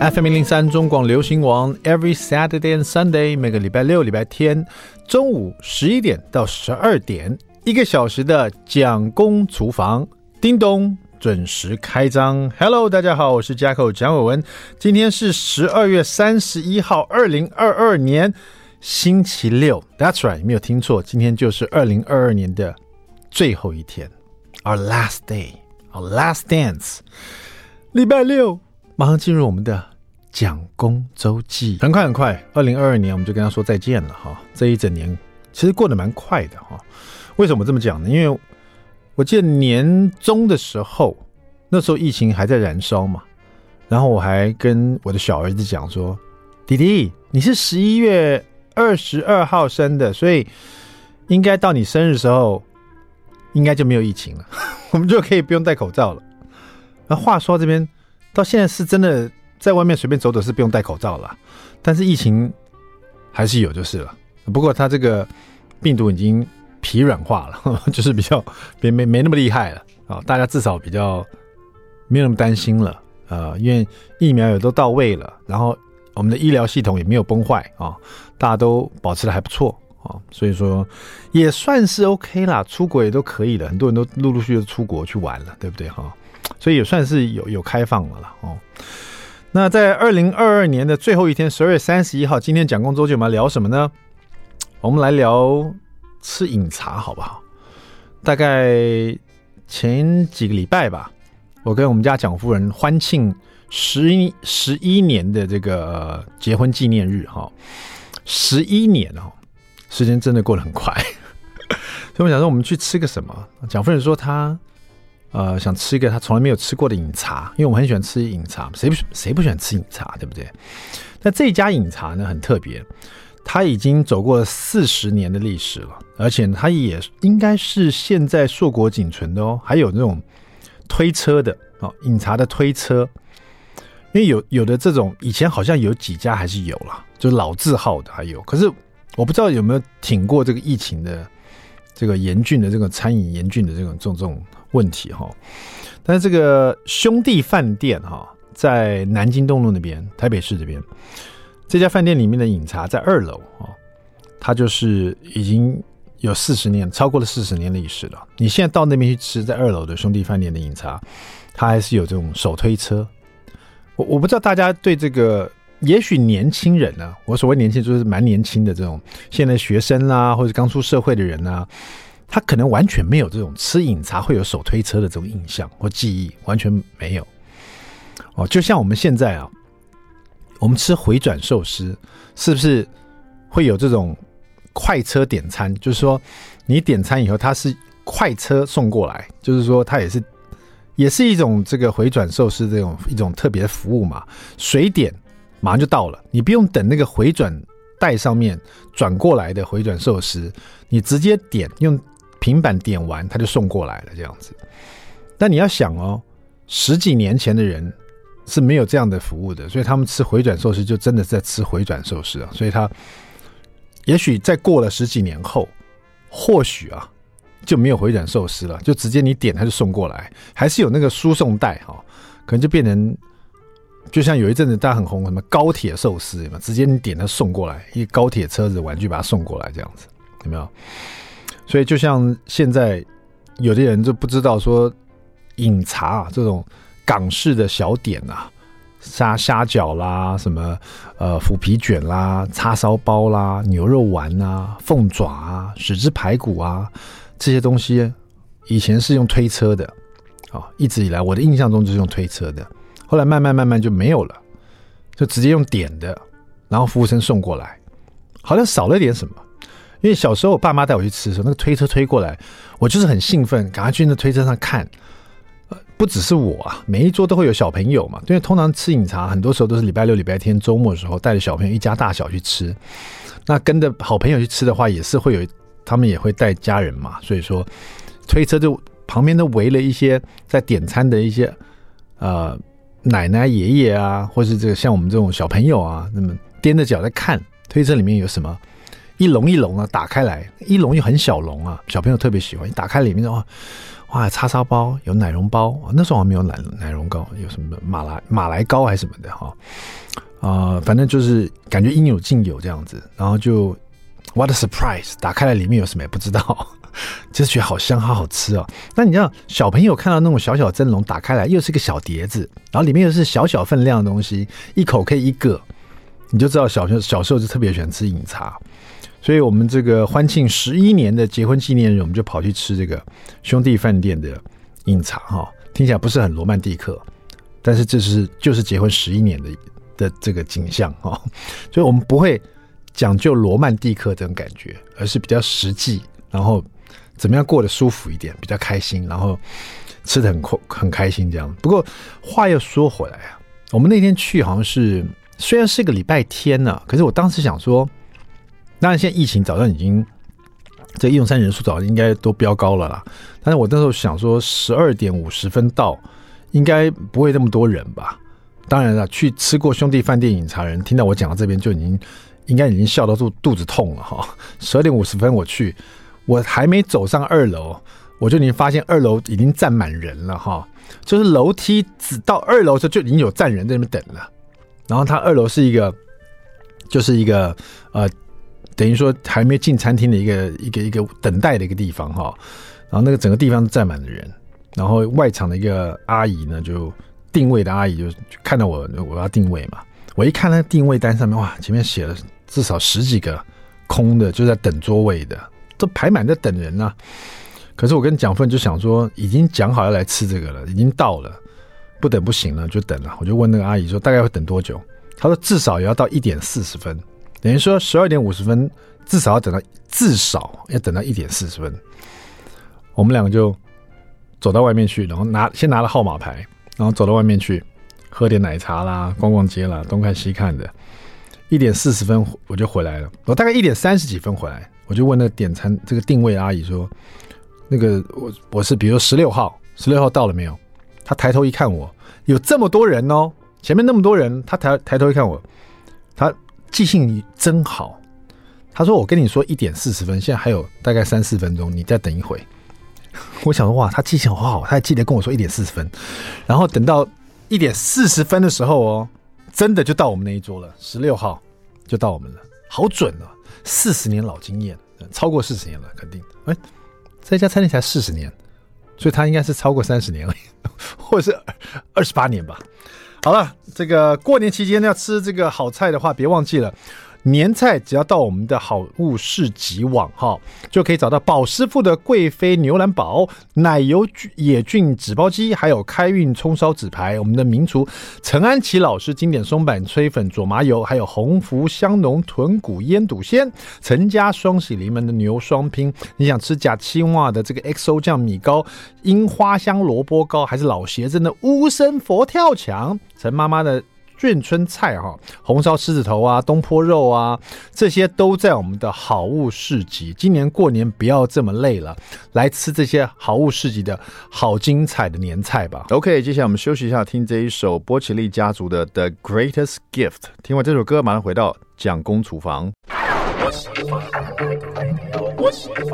FM 一零三中廣流行網，Every Saturday and Sunday，每個禮拜六、禮拜天，中午十一點到十二點，一個小時的蔣公廚房，叮咚，準時開張。Hello，大家好，我是 Jacko 蔣偉文，今天是十二月三十一號，二零二二年星期六。That's right，沒有聽錯，今天就是二零二二年的最後一天，Our last day，Our last dance，禮拜六。馬上進入我們的蔣公週記。很快很快，二零二二年我們就跟他說再見了哈。這一整年其實過得蠻快的哈。為什麼這麼講呢？因為我記得年中的時候，那時候疫情還在燃燒嘛。然後我還跟我的小兒子講說：“弟弟，你是十一月二十二號生的，所以應該到你生日時候，應該就沒有疫情了， 我們就可以不用戴口罩了。”那話說這邊。到現在是真的在外面隨便走走是不用戴口罩了，但是疫情還是有就是了。不過他這個病毒已經疲軟化了，就是比較沒沒沒那麼厲害了啊！大家至少比較沒有那麼擔心了啊，因為疫苗也都到位了，然後我們的醫療系統也沒有崩壞啊，大家都保持得還不錯啊，所以說也算是 OK 啦，出國也都可以了，很多人都陸陸續續出國去玩了，對不對哈？所以也算是有有開放了啦。哦。那在二零二二年的最後一天，十二月三十一號，今天講公周就我們聊什麼呢？我們來聊吃飲茶好不好？大概前幾個禮拜吧，我跟我們家蔣夫人歡慶十一十一年的這個結婚紀念日哈，十、哦、一年哦，時間真的過得很快。 所以我們想說，我們去吃個什麼？蔣夫人說她。呃，想吃一個他從來沒有吃過的飲茶，因為我們很喜歡吃飲茶，誰不誰不喜歡吃飲茶，對不對？那這一家飲茶呢，很特別，它已經走過四十年的歷史了，而且它也應該是現在碩果僅存的哦。還有那種推車的哦，飲茶的推車，因為有有的這種以前好像有幾家還是有啦，就老字號的還有，可是我不知道有沒有挺過這個疫情的這個嚴峻的這個餐飲嚴峻的這種種種，問題哈、哦，但是這個兄弟飯店哈、哦，在南京東路那邊，台北市這邊，這家飯店裡面的飲茶在二樓啊、哦，它就是已經有四十年，超過了四十年歷史了。你現在到那邊去吃在二樓的兄弟飯店的飲茶，它還是有這種手推車。我我不知道大家對這個，也許年輕人呢、啊，我所謂年輕就是蠻年輕的這種，現在學生啦、啊，或者剛出社會的人啊。他可能完全沒有這種吃飲茶會有手推車的這種印象或記憶，完全沒有。哦，就像我們現在啊，我們吃回轉壽司，是不是會有這種快車點餐？就是說，你點餐以後，它是快車送過來，就是說，它也是也是一種這個回轉壽司這種一種特別的服務嘛。隨點馬上就到了，你不用等那個回轉帶上面轉過來的回轉壽司，你直接點用。平板點完，他就送過來了，這樣子。但你要想哦，十幾年前的人是沒有這樣的服務的，所以他們吃回轉壽司就真的在吃回轉壽司啊。所以他也許在過了十幾年後，或許啊就沒有回轉壽司了，就直接你點他就送過來，還是有那個輸送帶哈，可能就變成就像有一陣子大家很紅什麼高鐵壽司有有直接你點它送過來，一高鐵車子玩具把它送過來這樣子，有沒有？所以，就像現在，有的人就不知道說飲茶啊這種港式的小點啊，蝦蝦餃啦，什麼呃腐皮卷啦、叉燒包啦、牛肉丸啊、鳳爪啊、豉汁排骨啊這些東西，以前是用推車的啊，一直以來我的印象中就是用推車的，後來慢慢慢慢就沒有了，就直接用點的，然後服務生送過來，好像少了點什麼。因為小時候，我爸媽帶我去吃的時候，那個推車推過來，我就是很興奮，趕快去那推車上看。呃，不只是我啊，每一桌都會有小朋友嘛。因為通常吃飲茶，很多時候都是禮拜六、禮拜天、週末的時候，帶着小朋友一家大小去吃。那跟着好朋友去吃的話，也是會有他們也會帶家人嘛。所以說，推車就旁邊都圍了一些在點餐的一些呃奶奶、爺爺啊，或是這個像我們這種小朋友啊，那麼踮着腳在看推車裡面有什麼。一籠一籠啊，打開來，一籠又很小籠啊，小朋友特別喜歡。一打開裡面的話，哇，叉燒包有奶蓉包、啊、那時候還沒有奶奶蓉糕，有什麼馬來馬來糕還是什麼的哈，啊，反正就是感覺應有盡有這樣子。然後就 What a surprise，打開來裡面有什麼也不知道，就是覺得好香、啊，好好吃哦、啊。那你知道，小朋友看到那種小小蒸籠，打開來又是一個小碟子，然後裡面又是小小分量的東西，一口可以一個，你就知道小，小學小時候就特別喜歡吃飲茶。所以我們這個歡慶十一年的結婚紀念日，我們就跑去吃這個兄弟飯店的飲茶哈，聽起來不是很羅曼蒂克，但是這是就是結婚十一年的的這個景象。哈。所以我們不會講究羅曼蒂克這種感覺，而是比較實際，然後怎麼樣過得舒服一點，比較開心，然後吃得很快很開心這樣。不過話又說回來啊，我們那天去好像是雖然是個禮拜天呢、啊，可是我當時想說。當然，現在疫情早上已經，這用餐人數早上應該都飆高了啦。但是我那時候想說，十二點五十分到，應該不會那麼多人吧？當然了，去吃過兄弟飯店飲茶人，聽到我講到這邊，就已經應該已經笑到肚肚子痛了哈。十二點五十分我去，我還沒走上二樓，我就已經發現二樓已經站滿人了哈。就是樓梯只到二樓，就就已經有站人在那邊等了。然後他二樓是一個，就是一個呃。等於說還沒進餐廳的一個，一個一個一個等待的一個地方哈，然後那個整個地方都站滿了人，然後外場的一個阿姨呢，就定位的阿姨就，就看到我，我要定位嘛，我一看那個定位單上面哇，前面寫了至少十幾個空的，就在等座位的，都排滿在等人呢、啊。可是我跟蔣奮就想說，已經講好要來吃這個了，已經到了，不等不行了，就等了。我就問那個阿姨說，大概會等多久？她說至少也要到一點四十分。等於說，十二點五十分，至少要等到至少要等到一點四十分。我們兩個就走到外面去，然後拿先拿了號碼牌，然後走到外面去喝點奶茶啦，逛逛街啦，東看西看的。一點四十分我就回來了，我大概一點三十幾分回來，我就問那個點餐這個定位阿姨說：“那個我我是比如十六號，十六號到了沒有？”他抬頭一看我，有這麼多人哦，前面那麼多人，他抬抬頭一看我，他。記性真好，他說：“我跟你說一點四十分，現在還有大概三四分鐘，你再等一回。”我想哇，他記性好，好，他還記得跟我說一點四十分。然後等到一點四十分的時候哦，真的就到我們那一桌了，十六號就到我們了，好準啊！四十年老經驗，超過四十年了，肯定。哎，這家餐廳才四十年，所以他應該是超過三十年了，或者是二十八年吧。好了，這個過年期間要吃這個好菜的話，別忘記了。年菜只要到我們的好物市集網哈，就可以找到寶師傅的貴妃牛腩煲、奶油野菌紙包雞，還有開運蔥燒紙排。我們的名廚陳安琪老師經典松板炊粉佐麻油，還有鴻福香濃豚骨醃篤鮮。陳家雙喜臨門的牛雙拼。你想吃假青蛙的這個 XO 醬米糕、櫻花香蘿蔔糕，還是老協珍的烏參佛跳牆？陳媽媽的。眷村菜哈，紅燒獅子頭啊，東坡肉啊，這些都在我們的好物市集。今年過年不要這麼累了，來吃這些好物市集的好精彩的年菜吧。OK，接下來我們休息一下，聽這一首波奇利家族的《The Greatest Gift》。聽完這首歌，馬上回到蔣公廚房。我喜歡，我喜歡。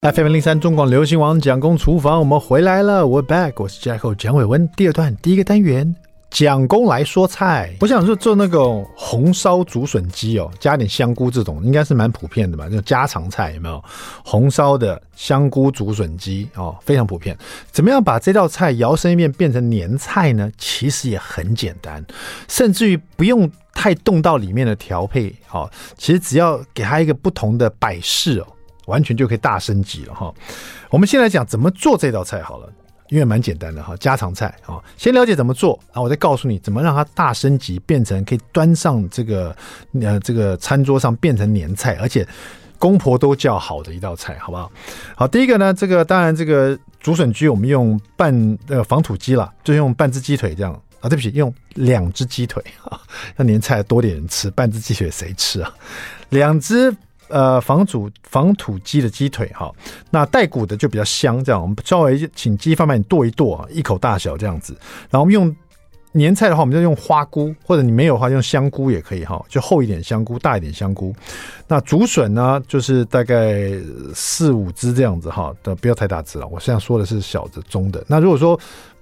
FM 零三中廣流行網蔣公廚房，我們回來了，We're back，我是 Jacko 蔣偉文，第二段第一個單元。蔣公來說菜，我想是做那個紅燒竹筍雞哦，加點香菇，這種應該是蠻普遍的吧，那種家常菜有沒有？紅燒的香菇竹筍雞哦，非常普遍。怎麼樣把這道菜搖身一變，變成年菜呢？其實也很簡單，甚至於不用太動到裡面的調配，好、哦，其實只要給它一個不同的擺飾哦，完全就可以大升級了哈、哦。我們先來講怎麼做這道菜好了。因為蠻簡單的哈，家常菜啊，先了解怎麼做，啊，我再告訴你怎麼讓它大升級，變成可以端上這個呃這個餐桌上變成年菜，而且公婆都叫好的一道菜，好不好？好，第一個呢，這個當然這個竹筍雞，我們用半呃仿土雞啦，就是用半隻雞腿這樣啊，對不起，用兩隻雞腿，啊，那年菜多點人吃，半隻雞腿誰吃啊？兩隻。呃，仿仔仿土雞的雞腿哈，那帶骨的就比較香，這樣我們稍微請雞販幫你剁一剁，一口大小這樣子。然後我們用年菜的話，我們就用花菇，或者你沒有的話用香菇也可以哈，就厚一點香菇，大一點香菇。那竹筍呢，就是大概四五只這樣子哈，不要太大只了。我現在說的是小的、中的。那如果說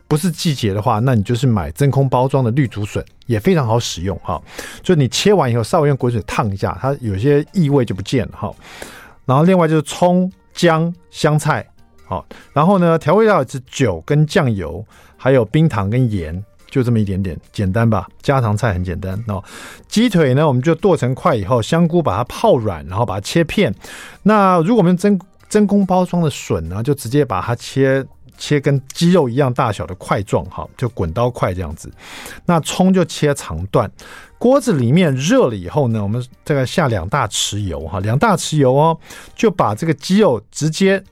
不是季節的話，那你就是買真空包裝的綠竹筍，也非常好使用哈、哦。就你切完以後，稍微用滾水燙一下，它有些異味就不見了哈、哦。然後另外就是蔥、薑、香菜，好、哦，然後呢，調味料是酒跟醬油，還有冰糖跟鹽，就這麼一點點，簡單吧？家常菜很簡單哦。雞腿呢，我們就剁成塊以後，香菇把它泡軟，然後把它切片。那如果我們用真空真空包裝的筍呢，就直接把它切。切跟雞肉一樣大小的塊狀，哈，就滾刀塊這樣子。那蔥就切長段。鍋子裡面熱了以後呢，我們這個下兩大匙油，哈，兩大匙油哦，就把這個雞肉直接，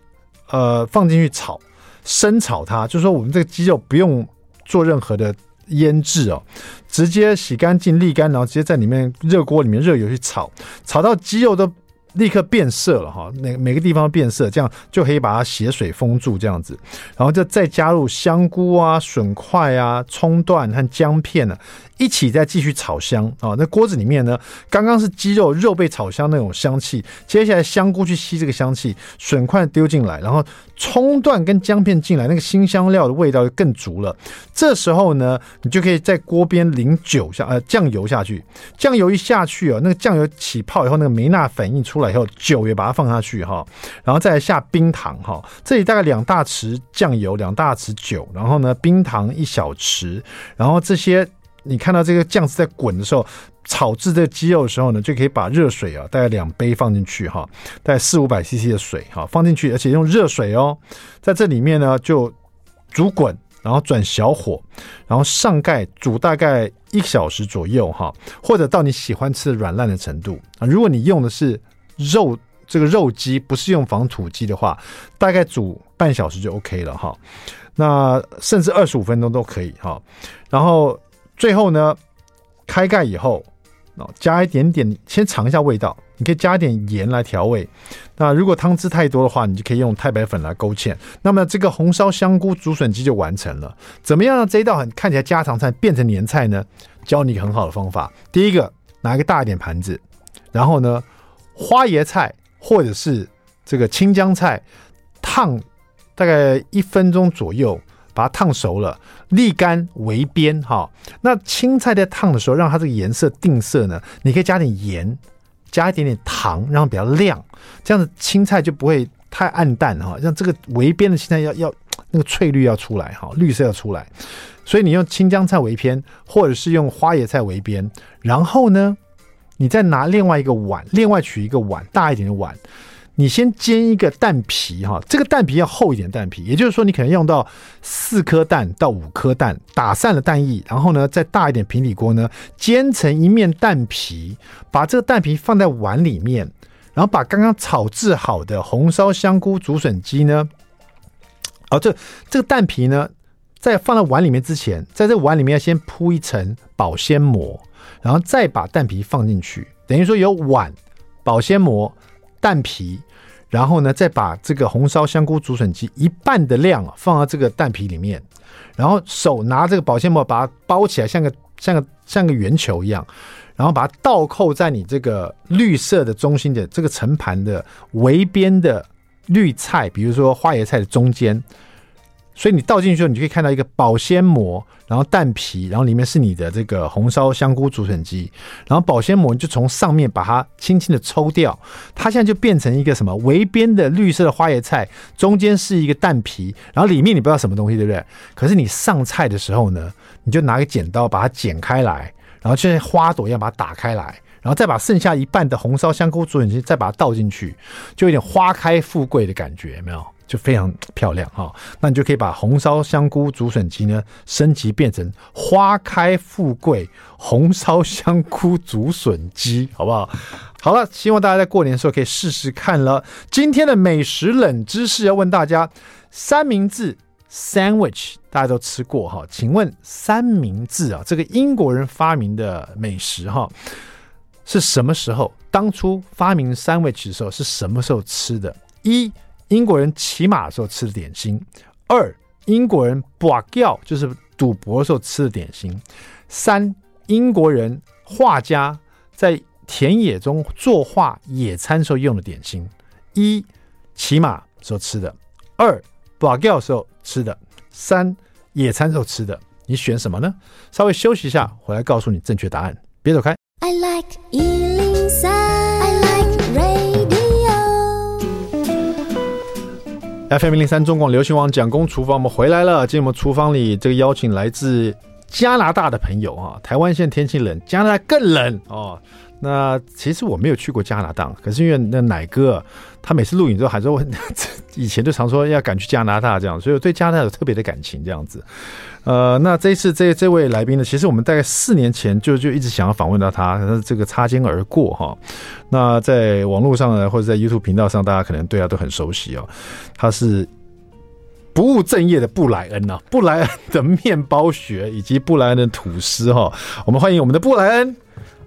呃，放進去炒，生炒它，就是說我們這個雞肉不用做任何的醃製哦，直接洗乾淨瀝乾，然後直接在裡面熱鍋裡面熱油去炒，炒到雞肉都立刻變色了哈，每每個地方都變色，這樣就可以把它血水封住，這樣子，然後就再加入香菇啊、筍塊啊、蔥段和薑片呢啊，一起再繼續炒香啊。那鍋子裡面呢，剛剛是雞肉肉被炒香那種香氣，接下來香菇去吸這個香氣，筍塊丟進來，然後。蔥段跟薑片進來，那個辛香料的味道就更足了。這時候呢，你就可以在鍋邊淋酒下呃醬油下去。醬油，油一下去哦，那個醬油起泡以後，那個梅納反應出來以後，酒也把它放下去哈，哦。然後再下冰糖哈，哦，這裡大概兩大匙醬油，兩大匙酒，然後呢冰糖一小匙。然後這些你看到這個醬汁在滾的時候。炒制這雞肉的時候呢，就可以把熱水啊，大概兩杯放進去哈，大概四五百 CC 的水哈，放進去，而且用熱水哦，在這裡面呢就煮滾，然後轉小火，然後上蓋煮大概一個小時左右哈，或者到你喜歡吃軟爛的程度啊。如果你用的是肉這個肉雞，不是用仿土雞的話，大概煮半小時就 OK 了哈，那甚至二十五分鐘都可以哈。然後最後呢，開蓋以後。哦、加一點點，先嘗一下味道。你可以加一點鹽來調味。那如果湯汁太多的話，你就可以用太白粉來勾芡。那麼這個紅燒香菇竹筍雞就完成了。怎麼樣讓這一道很看起來家常菜變成年菜呢？教你一個很好的方法。第一個，拿一個大一點盤子，然後呢，花椰菜或者是這個青江菜，燙大概一分鐘左右，把它燙熟了。瀝乾圍邊哈，那青菜在燙的時候，讓它這個顏色定色呢，你可以加點鹽，加一點點糖，讓它比較亮，這樣子青菜就不會太暗淡哈。像、哦、這，這個圍邊的青菜要要那個翠綠要出來哈，綠色要出來，所以你用青江菜圍邊，或者是用花椰菜圍邊，然後呢，你再拿另外一個碗，另外取一個碗大一點的碗。你先煎一個蛋皮哈，這個蛋皮要厚一點蛋皮，也就是說你可能用到四顆蛋到五顆蛋打散了蛋液，然後呢，再大一點平底鍋呢煎成一面蛋皮，把這個蛋皮放在碗裡面，然後把剛剛炒制好的紅燒香菇竹筍雞呢，哦這這個蛋皮呢在放在碗裡面之前，在這碗裡面要先鋪一層保鮮膜，然後再把蛋皮放進去，等於說有碗保鮮膜。蛋皮，然後呢，再把這個紅燒香菇竹筍雞一半的量放到這個蛋皮裡面，然後手拿這個保鮮膜把它包起來像，像個像個像個圓球一樣，然後把它倒扣在你這個綠色的中心的這個盛盤的圍邊的綠菜，比如說花椰菜的中間。所以你倒進去之後，你就可以看到一個保鮮膜，然後蛋皮，然後裡面是你的這個紅燒香菇竹筍雞，然後保鮮膜你就從上面把它輕輕的抽掉，它現在就變成一個什麼圍邊的綠色的花椰菜，中間是一個蛋皮，然後裡面你不知道什麼東西，對不對？可是你上菜的時候呢，你就拿個剪刀把它剪開來，然後就像花朵一樣把它打開來，然後再把剩下一半的紅燒香菇竹筍雞再把它倒進去，就有點花開富貴的感覺，有沒有？就非常漂亮哈，那你就可以把紅燒香菇竹筍雞呢升級變成花開富貴紅燒香菇竹筍雞，好不好？好了，希望大家在過年的時候可以試試看了。今天的美食冷知識要問大家：三明治 （sandwich） 大家都吃過哈？請問三明治啊，這個英國人發明的美食哈，是什麼時候？當初發明 sandwich 的時候是什麼時候吃的？一英國人騎馬時候吃的點心，二，英國人 b a a 就是賭博的時候吃的點心，三，英國人畫家在田野中作畫野餐時候用的點心，一，騎馬時候吃的，二，b a r a 時候吃的，三，野餐時候吃的，你選什麼呢？稍微休息一下，回來告訴你正確答案，別走開。I like、inside. FM 零三中廣流行網蔣公廚房，我們回來了。今天我們廚房裡這個邀請來自加拿大的朋友啊。台灣現在天氣冷，加拿大更冷哦。那其實我沒有去過加拿大，可是因為那奶哥他每次錄影之後還說我，以前就常說要趕去加拿大這樣，所以我對加拿大有特別的感情這樣子。呃，那這一次這這位來賓呢，其實我們大概四年前就就一直想要訪問到他，但是這個擦肩而過哈、哦。那在網絡上呢，或者在 YouTube 頻道上，大家可能對他都很熟悉哦。他是不務正業的不萊嗯吶、啊，不萊嗯的麵包學以及不萊嗯的吐司哈、哦。我們歡迎我們的不萊嗯。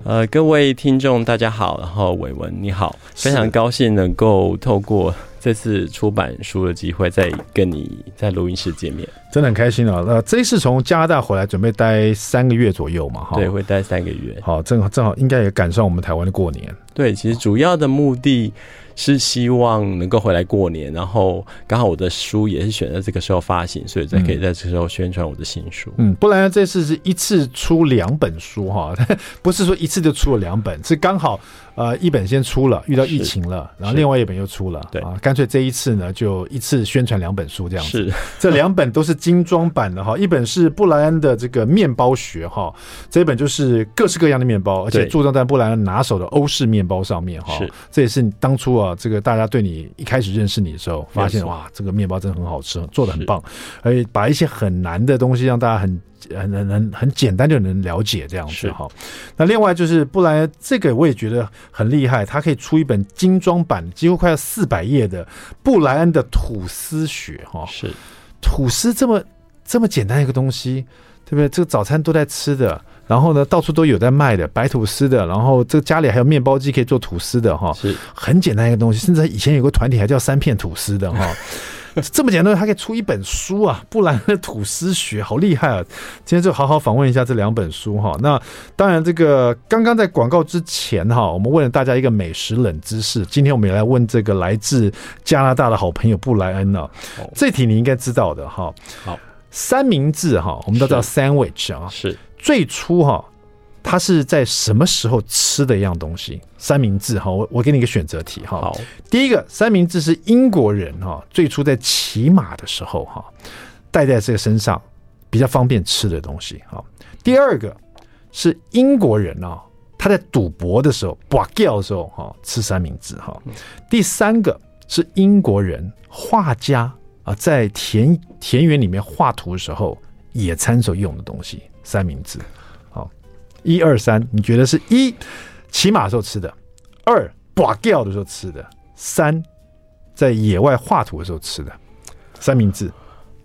呃，各位聽眾大家好，然後偉文你好，非常高興能夠透過這次出版書的機會，再跟你在錄音室見面，真的很開心啊。那、呃、這一次從加拿大回來，準備待三個月左右嘛，哈，對，會待三個月，好、哦，正好正好應該也趕上我們台灣的過年。對，其實主要的目的。是希望能夠回來過年，然後剛好我的書也是選擇這個時候發行，所以才可以在這個時候宣傳我的新書。嗯，布萊恩這次是一次出兩本書哈，不是說一次就出了兩本，是剛好呃一本先出了，遇到疫情了，然後另外一本又出了，對。啊，乾脆這一次呢就一次宣傳兩本書這樣子。是這兩本都是精裝版的哈，一本是布萊恩的這個麵包學哈，這一本就是各式各樣的面包，而且重在布萊恩拿手的歐式麵包上面哈。是、哦，這也是你當初啊。這個大家對你一開始認識你的時候，發現哇，這個麵包真的很好吃，做的很棒，而且把一些很難的東西讓大家很很很很很簡單就能了解，這樣子哈。那另外就是不萊嗯，這個我也覺得很厲害，他可以出一本精裝版，幾乎快要四百頁的不萊嗯的吐司學哈，是吐司這麼這麼簡單一個東西，對不對？這個早餐都在吃的。然後呢，到處都有在賣的白吐司的，然後這個家裡還有麵包機可以做吐司的哈、哦，是很簡單一個東西，甚至以前有個團體還叫三片吐司的哈、哦， 這麼簡單他可以出一本書啊，不萊嗯的吐司學好厲害啊！今天就好好訪問一下這兩本書哈、哦。那當然，這個剛剛在廣告之前哈、哦，我們問了大家一個美食冷知識，今天我們也來問這個來自加拿大的好朋友不萊嗯了、啊哦。這題你應該知道的哈、哦，好，三明治哈，我們都知道 sandwich 啊、哦，是。是最初哈，他是在什麼時候吃的一樣東西？三明治哈，我我給你一個選擇題哈。第一個三明治是英國人哈，最初在騎馬的時候哈，帶在這個身上比較方便吃的東西哈。第二個是英國人啊，他在賭博的時候，刮膠的時候哈，吃三明治哈。第三個是英國人畫家啊，在田田園裡面畫圖的時候，野餐時候用的東西。三明治，好，一二三，你覺得是一騎馬時候吃的，二爬掉的時候吃的，三2，在野外畫圖的時候吃的三明治，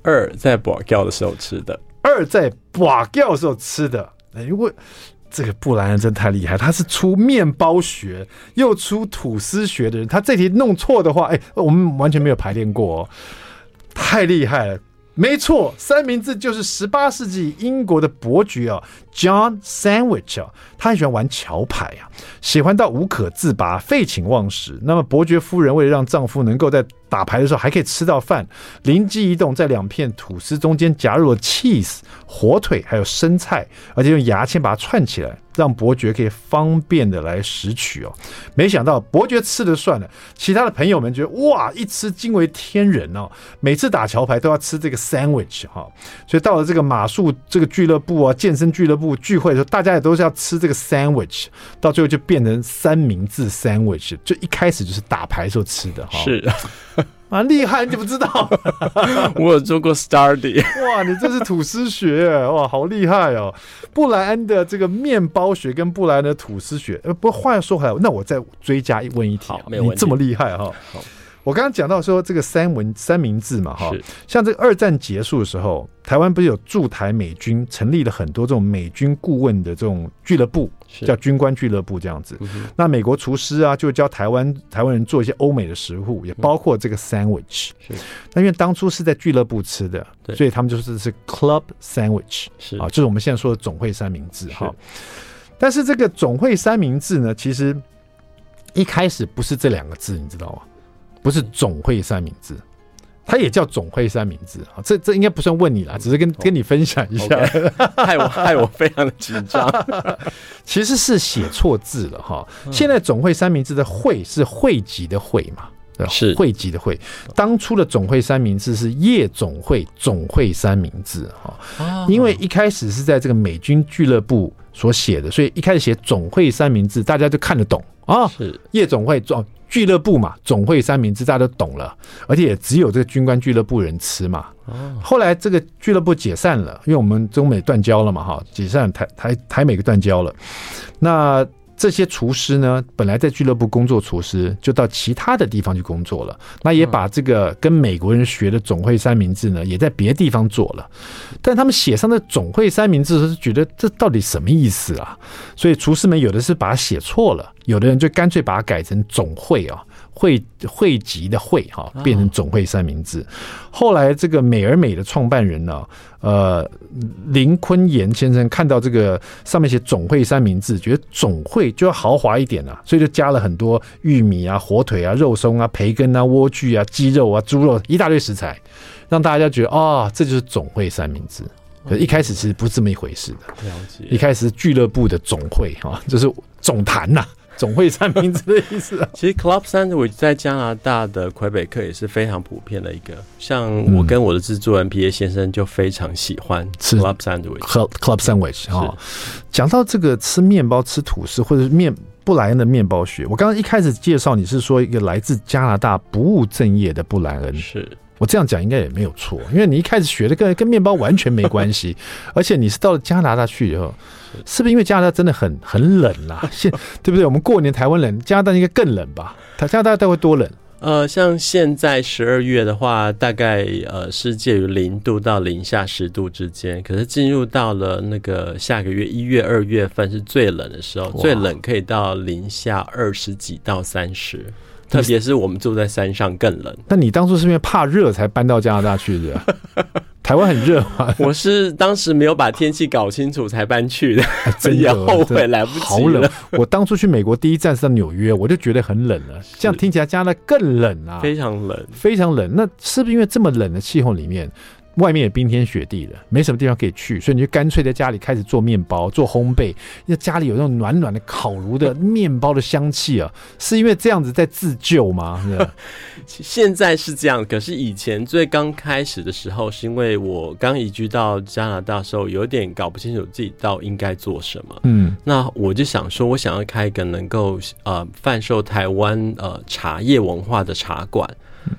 二在爬掉的時候吃的，二在爬掉的時候吃的。哎、欸，我這個不萊嗯真太厲害，他是出面包學又出吐司學的人，他這題弄錯的話，哎、欸，我們完全沒有排練過、哦，太厲害了。沒錯，三明治就是十八世紀英國的伯爵啊，John Sandwich 啊，他很喜歡玩橋牌啊，喜歡到無可自拔，廢寢忘食。那麼伯爵夫人為了讓丈夫能夠在打牌的時候還可以吃到飯，靈機一動，在兩片吐司中間夾入了 cheese、火腿還有生菜，而且用牙籤把它串起來。讓伯爵可以方便的來拾取哦，沒想到伯爵吃了算了，其他的朋友們覺得哇，一吃驚為天人哦，每次打橋牌都要吃這個 sandwich 哈、哦，所以到了這個馬術這個俱樂部啊，健身俱樂部聚會的時候，大家也都是要吃這個 sandwich，到最後就變成三明治 sandwich，就一開始就是打牌時候吃的哈、哦。是。 蠻厲害，你怎麼知道？ 我有做過 study。哇，你這是吐司學， 哇，好厲害哦！布萊恩的這個麵包學跟布萊恩的吐司學，呃，不過話又說回來，那我再追加一問一題啊，好，沒問題。你這麼厲害哈。好。我剛剛講到說這個三文三明治嘛，哈，像這個二戰結束的時候，台灣不是有駐台美軍，成立了很多這種美軍顧問的這種俱樂部，叫軍官俱樂部這樣子。那美國廚師啊，就教台灣台灣人做一些歐美的食物，也包括這個 sandwich。那因為當初是在俱樂部吃的，所以他們就是這是 club sandwich，啊，就是我們現在說的總會三明治哈。但是這個總會三明治呢，其實一開始不是這兩個字，你知道嗎？不是總匯三明治，它也叫總匯三明治啊。這這應該不算問你啦,只是跟跟你分享一下，嗯哦 okay. 害我 害我非常的緊張。其實是寫錯字了哈。現在總匯三明治的匯是匯集的匯嘛，對吧？是“匯”是匯集的“匯”嘛？是匯集的“匯”。當初的總匯三明治是夜總會總匯三明治哈、哦，因為一開始是在這個美軍俱樂部所寫的，所以一開始寫總匯三明治，大家就看得懂。啊、oh，是夜總會、總、哦、俱樂部嘛，總會三明治大家都懂了，而且也只有這個軍官俱樂部人吃嘛。Oh. 後來這個俱樂部解散了，因為我們中美斷交了嘛，哈，解散台台台美也斷交了，那。這些廚師呢，本來在俱樂部工作，廚師就到其他的地方去工作了。那也把這個跟美國人學的總會三明治呢，也在別的地方做了。但他們寫上的總會三明治是覺得，這到底什麼意思啊？所以廚師們有的是把它寫錯了，有的人就乾脆把它改成總匯啊。匯匯集的匯哈，變成總匯三明治。啊、後來這個美而美的創辦人呢、啊，呃，林坤炎先生看到這個上面寫“總匯三明治”，覺得“總匯”就要豪華一點吶、啊，所以就加了很多玉米啊、火腿啊、肉鬆啊、培根啊、萵苣啊、雞肉啊、豬肉、啊、一大堆食材，讓大家覺得哦，這就是總匯三明治。可是一開始其實不是這麼一回事的，嗯、了解。一開始俱樂部的總匯啊，就是總壇吶、啊。總會三明治的意思、啊。 其實 club sandwich 在加拿大的魁北克也是非常普遍的一個。像我跟我的製作人 P A 先生就非常喜歡 club、嗯、吃 club sandwich，club sandwich。啊，講到這個吃麵包、吃吐司或者面布萊恩的麵包學。我剛剛一開始介紹你是說一個來自加拿大不務正業的布萊恩是。我這樣講應該也沒有錯，因為你一開始學的跟跟麵包完全沒關係， 而且你是到了加拿大去以後，是不是因為加拿大真的很很冷啦、啊？對不對？我們過年台灣冷，加拿大應該更冷吧？它加拿大大概多冷？呃，像現在十二月的話，大概呃是介於零度到零下十度之間。可是進入到了那個下個月一月二月份是最冷的時候，最冷可以到零下二十幾到三十。特別是我們住在山上更冷。那你當初是因為怕熱才搬到加拿大去的？ 台灣很熱嗎？ 我是當時沒有把天氣搞清楚才搬去的，真的後悔來不及。好冷！我當初去美國第一站是在紐約，我就覺得很冷了啊。這樣聽起來加拿大更冷啊，非常冷，非常冷。那是不是因為這麼冷的氣候裡面？外面也冰天雪地的，沒什麼地方可以去，所以你就乾脆在家裡開始做麵包、做烘焙。那家裡有那種暖暖的烤爐的麵包的香氣啊，是因為這樣子在自救嗎？現在是這樣，可是以前最剛開始的時候，是因為我剛移居到加拿大的時候，有點搞不清楚自己到底應該做什麼。嗯，那我就想說，我想要開一個能夠呃販售台灣呃茶葉文化的茶館。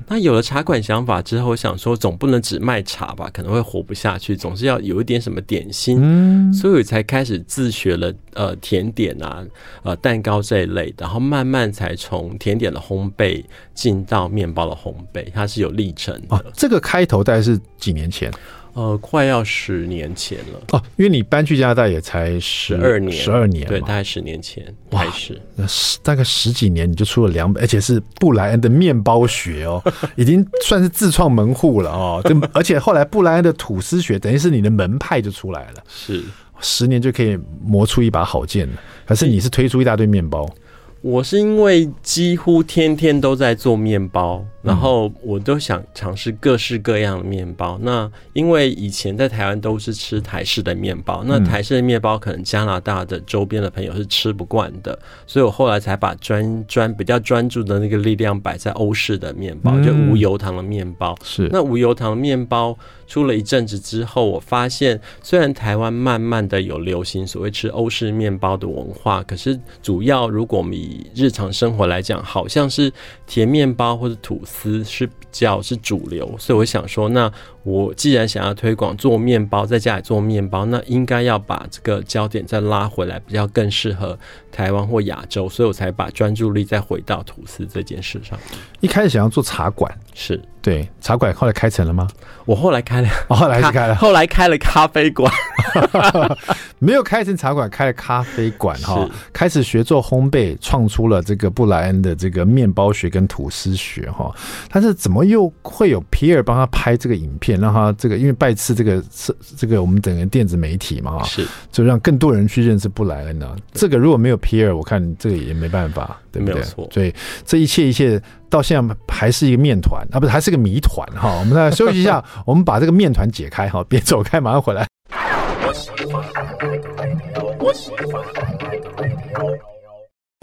那有了茶館想法之後，想說總不能只賣茶吧，可能會活不下去，總是要有一點什麼點心。嗯，所以我才開始自學了呃甜點啊，呃蛋糕這一類，然後慢慢才從甜點的烘焙進到面包的烘焙，它是有歷程的。啊，這個開頭大概是幾年前？呃，快要十年前了哦，因為你搬去加拿大也才十二年，十二年對，大概十年前開始，那十大概十幾年你就出了兩本，而且是不萊嗯的麵包學哦， 已經算是自創門戶了哦。就 而且後來不萊嗯的吐司學等於是你的門派就出來了，是十年就可以磨出一把好劍了。還是你是推出一大堆麵包。嗯嗯我是因為幾乎天天都在做麵包，然後我都想嘗試各式各樣的麵包。那因為以前在台灣都是吃台式的麵包，那台式的麵包可能加拿大的周邊的朋友是吃不慣的，嗯，所以我後來才把專專比較專注的那個力量擺在歐式的麵包，就無油糖的麵包。是、嗯、那無油糖的麵包。出了一陣子之後，我發現雖然台灣慢慢的有流行所謂吃歐式麵包的文化，可是主要如果我們以日常生活來講，好像是甜麵包或者吐司是比較是主流，所以我想說那，我既然想要推廣做麵包，在家裡做麵包，那應該要把這個焦點再拉回來，比較更適合台灣或亞洲，所以我才把專注力再回到吐司這件事上。一開始想要做茶館，是對茶館，後來開成了嗎？我後來開了，哦，後來開了，後來開了咖啡館。 沒有開成茶館，開了咖啡館哈、哦。開始學做烘焙，創出了這個不萊嗯的這個麵包學跟吐司學哈、哦。但是怎麼又會有皮爾幫他拍這個影片，讓他這個因為拜賜這個是這個我們整個電子媒體嘛哈、哦，是就讓更多人去認識不萊嗯呢、啊？這個如果沒有皮爾，我看這個也沒辦法，對不對？所以這一切一切到現在還是一個麵團啊，不是還是個謎團哈、哦。我們來休息一下， 我們把這個麵團解開哈、哦，別走開，馬上回來。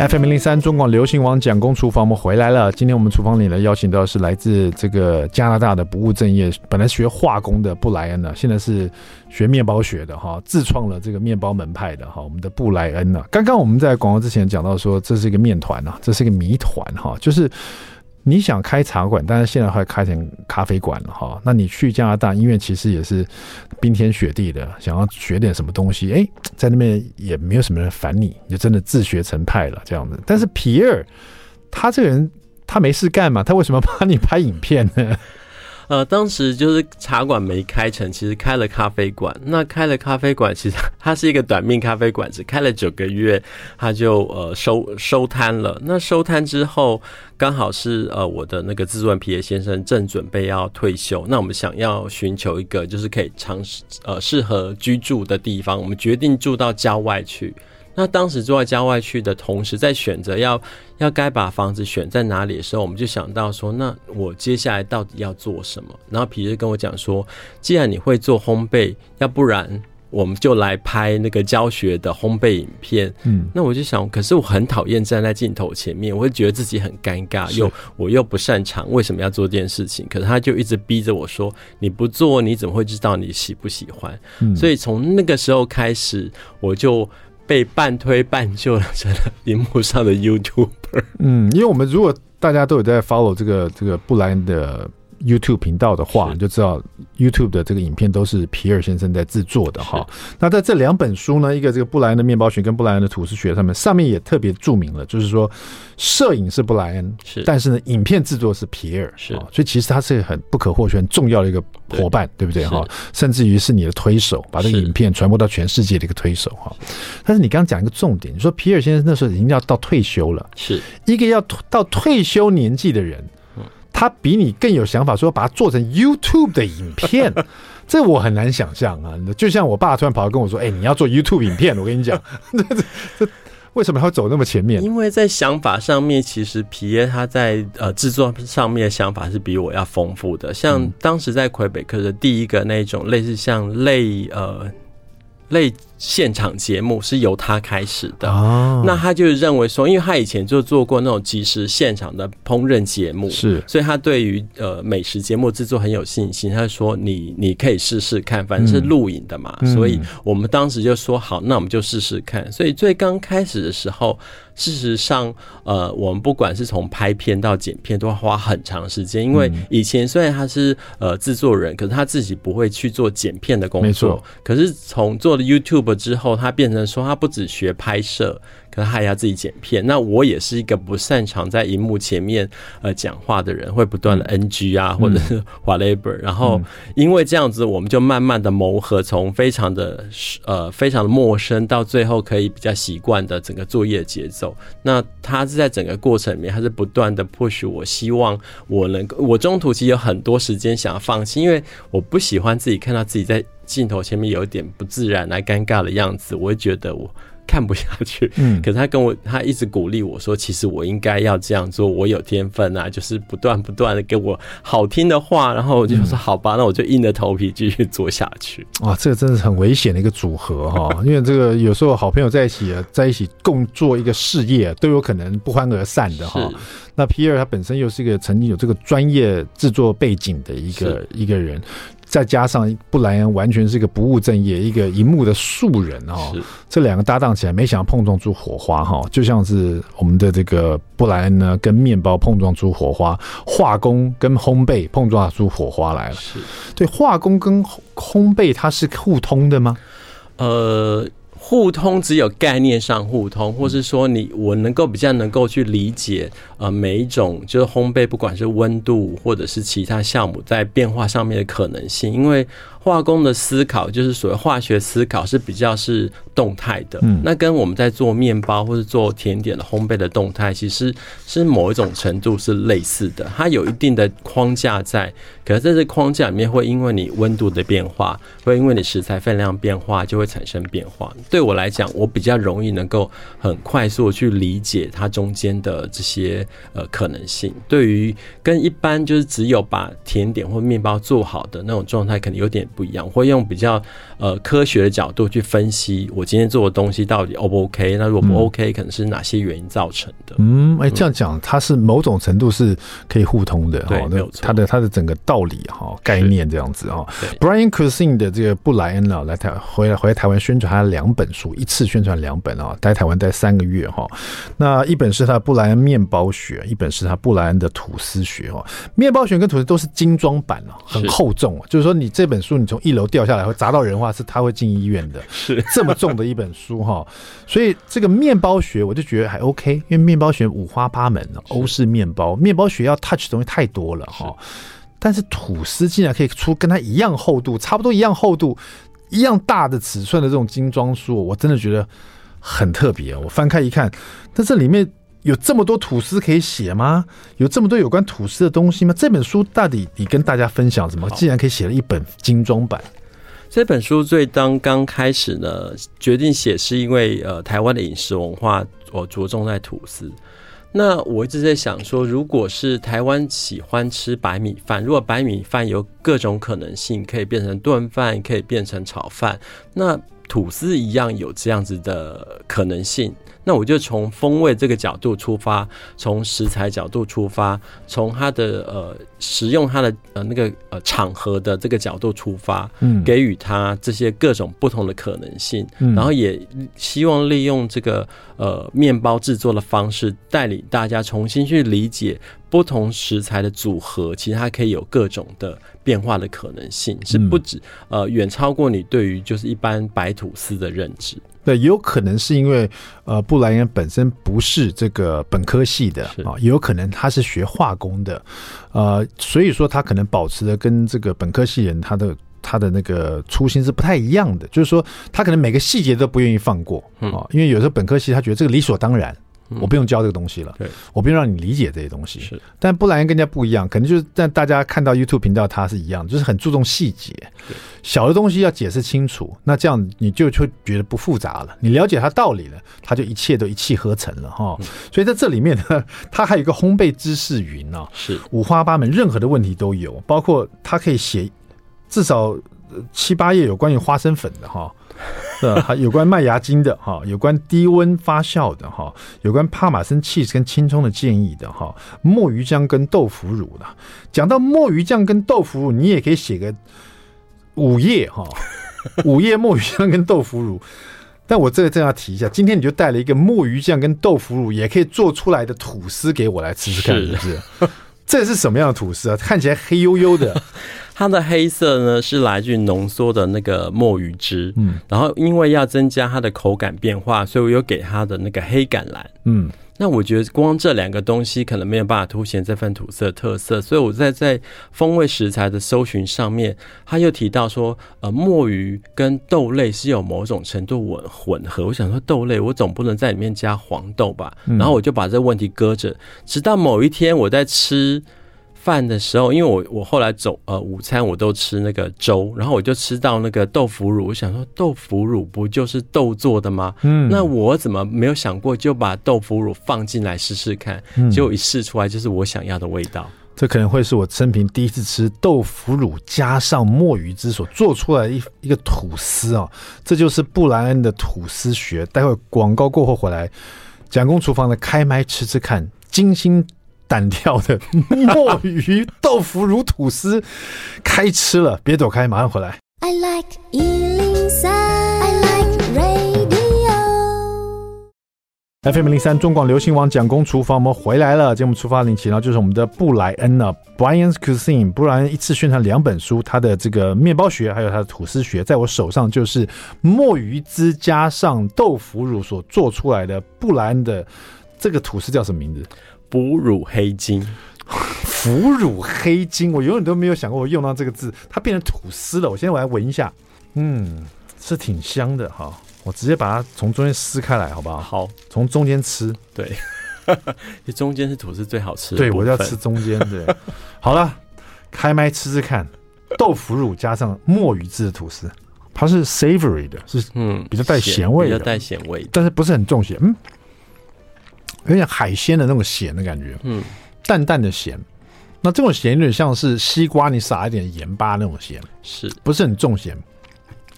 FM 零零三中廣流行網蔣公廚房，我們回來了。今天我們廚房裡呢，邀請到是來自這個加拿大的不務正業，本來學化工的不萊嗯呢、啊，現在是學麵包學的哈，自創了這個麵包門派的哈。我們的不萊嗯呢、啊，剛剛我們在廣告之前講到說，這是一個麵團吶、啊，這是一個謎團哈、啊，就是。你想開茶館，但是現在還開成咖啡館了哈。那你去加拿大，因為其實也是冰天雪地的，想要學點什麼東西，哎、欸，在那邊也沒有什麼人煩你，你就真的自學成派了這樣子。但是皮爾他這個人，他沒事幹嘛？他為什麼幫你拍影片呢？呃，當時就是茶館沒開成，其實開了咖啡館。那開了咖啡館，其實它是一個短命咖啡館，只開了九個月，它就呃收收攤了。那收攤之後，剛好是呃我的那個自尊皮耶先生正準備要退休，那我們想要尋求一個就是可以長呃適合居住的地方，我們決定住到郊外去。那當時坐在郊外去的同時，在選擇要要該把房子選在哪裡的時候，我們就想到說：那我接下來到底要做什麼？然後皮就跟我講說：既然你會做烘焙，要不然我們就來拍那個教學的烘焙影片。嗯，那我就想，可是我很討厭站在鏡頭前面，我會覺得自己很尷尬，又我又不擅長，為什麼要做這件事情？可是他就一直逼着我說：你不做，你怎麼會知道你喜不喜歡？嗯，所以從那個時候開始，我就。被半推半就了，真的。熒幕上的 YouTuber。嗯，因為我們如果大家都有在 follow 這個這個不萊嗯的。YouTube 頻道的話，你就知道 YouTube 的這個影片都是皮爾先生在製作的哈。那在這兩本書呢，一個這個不萊嗯的麵包學跟不萊嗯的吐司學上面，上面也特別注明了，就是說攝影是不萊嗯，是，但是呢，影片製作是皮爾，是，哦，所以其實他是很不可或缺，很重要的一個夥伴，對，對不對哈，哦？甚至於是你的推手，把這個影片傳播到全世界的一個推手哈，哦。但是你剛剛講一個重點，你說皮爾先生那時候已經要到退休了，是一個要到退休年紀的人。他比你更有想法，說把它做成 YouTube 的影片， 這我很難想象啊！就像我爸突然跑來跟我說：“哎、欸，你要做 YouTube 影片。”我跟你講，這這這為什麼他要走那麼前面？因為在想法上面，其實皮耶他在呃制作上面的想法是比我要豐富的。像當時在魁北克的第一個那一種類似像類呃類。現場節目是由他開始的，哦，那他就是認為說，因為他以前就做過那種即時現場的烹飪節目，是，所以他對於呃美食節目製作很有信心。他就說你：“你你可以試試看，反正是錄影的嘛。”嗯，所以我們當時就說：“好，那我們就試試看。”所以最剛開始的時候，事實上，呃，我們不管是從拍片到剪片，都要花很長時間，因為以前雖然他是呃制作人，可是他自己不會去做剪片的工作。沒錯，可是從做了 YouTube。之後，他變成說，他不只學拍攝，可能還要自己剪片。那我也是一個不擅長在熒幕前面呃講話的人，會不斷的 NG 啊，嗯、或者是滑 l a b r 然後因為這樣子，我們就慢慢的磨合，從非常的呃非常的陌生，到最後可以比較習慣的整個作業節奏。那他是在整個過程裡面，他是不斷的 push 我。我希望我能夠，我中途其實有很多時間想要放棄，因為我不喜歡自己看到自己在。鏡頭前面有點不自然，來尷尬的樣子，我會覺得我看不下去。嗯，可是他跟我，他一直鼓勵我說：“其實我應該要這樣做，我有天分啊！”就是不斷不斷的給我好聽的話，然後我就說：“好吧，嗯，那我就硬着頭皮繼續做下去。”啊，這個真的是很危險的一個組合哈，因為這個有時候好朋友在一起，在一起共做一個事業，都有可能不歡而散的哈。那皮爾他本身又是一個曾經有這個專業製作背景的一個一個人。再加上不萊嗯完全是一個不務正業，一個熒幕的素人啊，這兩個搭檔起來，沒想到碰撞出火花哈，就像是我們的這個不萊嗯呢，跟麵包碰撞出火花，化工跟烘焙碰撞出火花來了。對，化工跟烘焙它是互通的嗎？呃。互通只有概念上互通，或是說你我能夠比較能夠去理解，呃，每一種就是烘焙，不管是溫度或者是其他項目在變化上面的可能性，因為。化工的思考就是所謂化學思考是比較是動態的，嗯，那跟我們在做面包或者做甜點的烘焙的動態，其實是某一種程度是類似的。它有一定的框架在，可是在這個框架裡面會因為你溫度的變化，會因為你食材分量變化就會產生變化。對我來講，我比較容易能夠很快速去理解它中間的這些呃可能性。對於跟一般就是只有把甜點或面包做好的那種狀態，可能有點不一樣，會用比較呃科學的角度去分析我今天做的東西到底 O 不 OK？那如果不 OK，嗯、可能是哪些原因造成的？嗯、哎、欸，這樣講，它是某種程度是可以互通的，嗯，對沒有，它的它的整個道理哈概念這樣子哈。Brian Cuisine 的這個布萊恩啊，來台回來回來台灣宣傳他兩本書，一次宣傳兩本啊，待台灣待三個月哈。那一本是他的布萊恩麵包學，一本是他布萊恩的吐司學哦。麵包學跟吐司都是精裝版了，很厚重啊，就是說你這本書。你從一樓掉下來會砸到人的話，是他會進醫院的。是、啊、這麼重的一本書哈，所以這個麵包學我就覺得還 OK，因為麵包學五花八門，歐式麵包麵包學要 touch 的東西太多了哈，但是吐司竟然可以出跟它一樣厚度、差不多一樣厚度、一樣大的尺寸的這種精裝書，我真的覺得很特別。我翻開一看，但這裡面。有這麼多吐司可以寫嗎？有這麼多有關吐司的東西嗎？這本書到底你跟大家分享什麼？既然可以寫了一本精裝版，這本書最剛剛開始呢，決定寫是因為呃，台灣的飲食文化我着重在吐司。那我一直在想說，如果是台灣喜歡吃白米飯，如果白米飯有各種可能性可以變成燉飯，可以變成炒飯，那吐司一樣有這樣子的可能性。那我就從風味這個角度出發，從食材角度出發，從它的呃食用它的呃那個呃場合的這個角度出發，嗯，給予它這些各種不同的可能性，嗯，然後也希望利用這個呃麵包製作的方式，帶領大家重新去理解不同食材的組合，其實它可以有各種的變化的可能性，是不止呃遠超過你對於就是一般白吐司的認知。那也有可能是因為，呃，不萊嗯本身不是這個本科系的啊，也有可能他是學化工的，呃，所以說他可能保持的跟這個本科系人他的他的那個初心是不太一樣的，就是說他可能每個細節都不願意放過啊、嗯，因為有時候本科系他覺得這個理所當然。我不用教這個東西了，嗯、對，我不用讓你理解這些東西。是，但不萊嗯跟人家不一樣，可能就是讓大家看到 YouTube 頻道，它是一樣，就是很注重細節。對，小的東西要解釋清楚，那這樣你就會覺得不複雜了，你了解它道理了，它就一切都一氣呵成了哈，嗯。所以在這裡面呢，它還有一個烘焙知識雲是五花八門，任何的問題都有，包括它可以寫至少七八頁有關於花生粉的哈。呃、 嗯，有關麥芽精的哈，有關低溫發酵的哈，有關帕馬森氣 h 跟青蔥的建議的哈，墨魚醬跟豆腐乳的。講到墨魚醬跟豆腐乳，你也可以寫個午夜哈，午夜墨魚醬跟豆腐乳。但我這個正要提一下，今天你就帶了一個墨魚醬跟豆腐乳也可以做出來的吐司給我來吃吃看，是，不是？這是什麼樣的吐司啊？看起來黑黝黝的。它的黑色呢，是來自於濃縮的那個墨魚汁，嗯，然後因為要增加它的口感變化，所以我又給它的那個黑橄欖，嗯，那我覺得光這兩個東西可能沒有辦法凸顯這份吐司特色，所以我在在風味食材的搜尋上面，他又提到說，呃，墨魚跟豆類是有某種程度吻混合，我想說豆類我總不能在裡面加黃豆吧，然後我就把這個問題擱着，直到某一天我在吃。飯的時候，因為我我後來走呃，午餐我都吃那個粥，然後我就吃到那個豆腐乳，我想說豆腐乳不就是豆做的嗎？嗯，那我怎麼沒有想過就把豆腐乳放進來試試看、嗯？結果一試出來就是我想要的味道。嗯、這可能會是我生平第一次吃豆腐乳加上墨魚汁所做出來的一一個吐司啊、哦！這就是不萊嗯的吐司學。待會廣告過後回來，蔣公廚房的開麥吃吃看，精心。彈跳的墨魚豆腐乳吐司，開吃了，別走開，馬上回來。I like 103 I like radio. FM 0 3中廣流行網蔣公廚房，我們回來了。節目出發領其，然後就是我們的布萊恩呢，Brian's Cuisine。Brian Cousin, 布萊恩一次宣傳兩本書，他的這個麵包學還有他的吐司學，在我手上就是墨魚汁加上豆腐乳所做出來的。布萊恩的這個吐司叫什麼名字？腐乳黑金，腐乳黑金，我永遠都沒有想過我用到這個字，它變成吐司了。我現在我來聞一下，嗯，是挺香的哈。我直接把它從中間撕開來，好不好？好，從中間吃。對，你 中間是吐司最好吃的。對，我要吃中間。對， 好了，開麥吃吃看，豆腐乳加上墨魚汁的吐司，它是 savory 的，是的嗯，比較帶鹹味的，帶鹹味，但是不是很重鹹。嗯。有點海鮮的那種鹹的感覺，嗯，淡淡的鹹。那這種鹹有點像是西瓜，你撒一點鹽巴那種鹹，是不是很重鹹？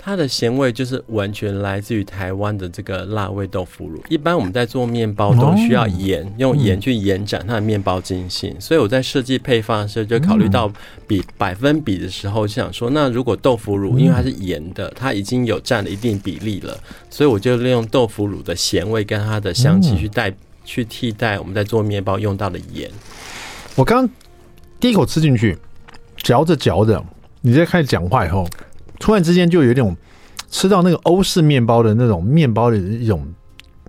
它的鹹味就是完全來自於台灣的這個辣味豆腐乳。一般我們在做面包都需要鹽、哦，用鹽去延展它的面包筋性、嗯。所以我在設計配方的時候，就考慮到比、嗯、百分比的時候，就想說，那如果豆腐乳、嗯、因為它是鹽的，它已經有占了一定比例了，所以我就利用豆腐乳的鹹味跟它的香氣去代。去替代我們在做麵包用到的鹽。我剛第一口吃進去，嚼着嚼着，你在開始講話以後，突然之間就有一種吃到那個歐式麵包的那種麵包的一種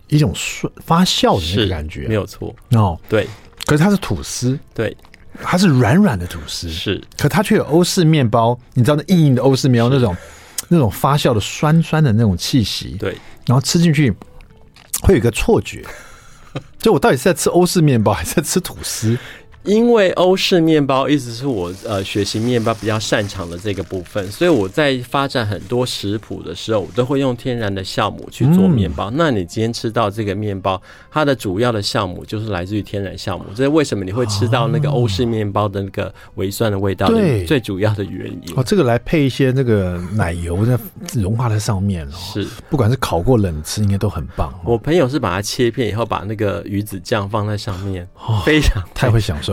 一種酸發酵的那個感覺，沒有錯哦、嗯，對。可是它是吐司，對，它是軟軟的吐司，是。可是它卻有歐式麵包，你知道那硬硬的歐式麵包那種那種發酵的酸酸的那種氣息，對。然後吃進去會有一個錯覺。就我到底是在吃歐式麵包，還是在吃吐司？因為歐式麵包一直是我，意思是，我呃，學習麵包比較擅長的這個部分，所以我在發展很多食譜的時候，我都會用天然的酵母去做麵包，嗯。那你今天吃到這個麵包，它的主要的酵母就是來自於天然酵母，這是為什麼你會吃到那個歐式麵包的那個微酸的味道。對，嗯，那個、最主要的原因。哦，這個來配一些那個奶油，在融化在上面，哦，嗯，是，不管是烤過冷吃，應該都很棒，哦。我朋友是把它切片，以後把那個魚子醬放在上面，哦，非常，太太會享受。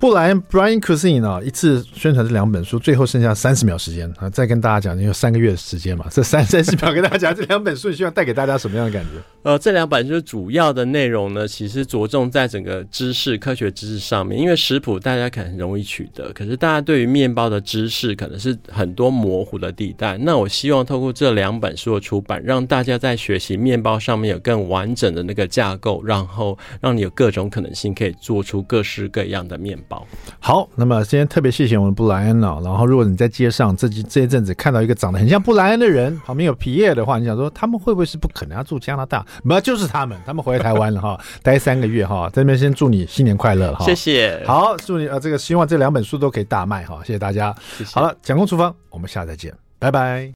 不萊嗯 Brian cuisine 啊，一次宣傳這兩本書，最後剩下三十秒時間啊，再跟大家講，因為有三個月的時間嘛，這三三十秒跟大家講這兩本書，你希望帶給大家什麼樣的感覺？呃，這兩本就是主要的內容呢，其實着重在整個知識、科學知識上面，因為食譜大家可能很容易取得，可是大家對於麵包的知識可能是很多模糊的地帶。那我希望透過這兩本書的出版，讓大家在學習麵包上面有更完整的那個架構，然後讓你有各種可能性，可以做出各式各樣的麵包。好，那麼今天特別謝謝我們不萊嗯啊、哦。然後，如果你在街上這這一陣子看到一個長得很像不萊嗯的人，旁邊有皮耶的話，你想說他們會不會是不可能要住加拿大？沒有，就是他們，他們回台灣了哈， 待三個月哈、哦，在那邊先祝你新年快樂哈、哦，謝謝。好，祝你呃這個希望這兩本書都可以大賣哈、哦，謝謝大家。謝謝好了，蔣公廚房，我們下次再見，拜拜。